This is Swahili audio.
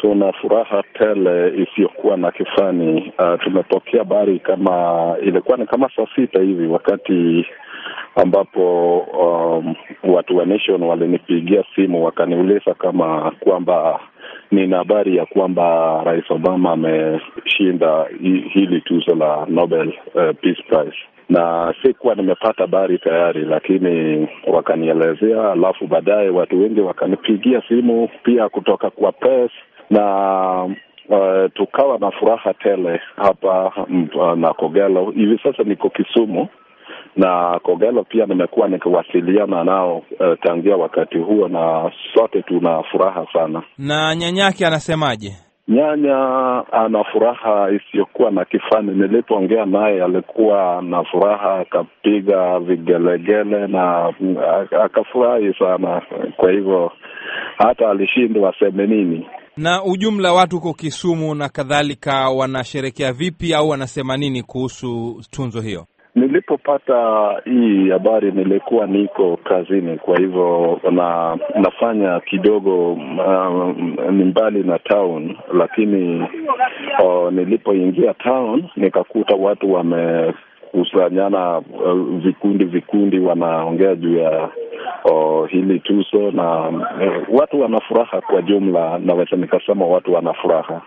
tuna furaha tele isiyokuwa na kifani. Uh, tumepokea habari kama ilikuwa ni kama saa sita hivi wakati ambapo um, watu wa Nation walinipigia simu wakaniuliza kama kwamba nina habari ya kwamba Rais Obama ameshinda hili tuzo la Nobel uh, Peace Prize na sikuwa nimepata habari tayari, lakini wakanielezea. Alafu baadaye watu wengi wakanipigia simu pia kutoka kwa press na uh, tukawa na furaha tele hapa mm, uh, na Kogelo. Hivi sasa niko Kisumu na Kogelo pia nimekuwa nikiwasiliana nao uh, tangia wakati huo, na sote tuna furaha sana. Na nyanyake anasemaje? Nyanya ana furaha isiyokuwa na kifani. Nilipoongea naye alikuwa na furaha, akapiga vigelegele na uh, akafurahi sana. Kwa hivyo hata alishindwa semenini nini. Na ujumla watu huko Kisumu na kadhalika wanasherekea vipi au wanasema nini kuhusu tunzo hiyo? Nilipopata hii habari nilikuwa niko kazini, kwa hivyo na, nafanya kidogo um, ni mbali na town, lakini uh, nilipoingia town nikakuta watu wamekusanyana uh, vikundi vikundi, wanaongea juu ya oh, hili tuzo na eh, watu wana furaha kwa jumla, naweza nikasema watu wana furaha.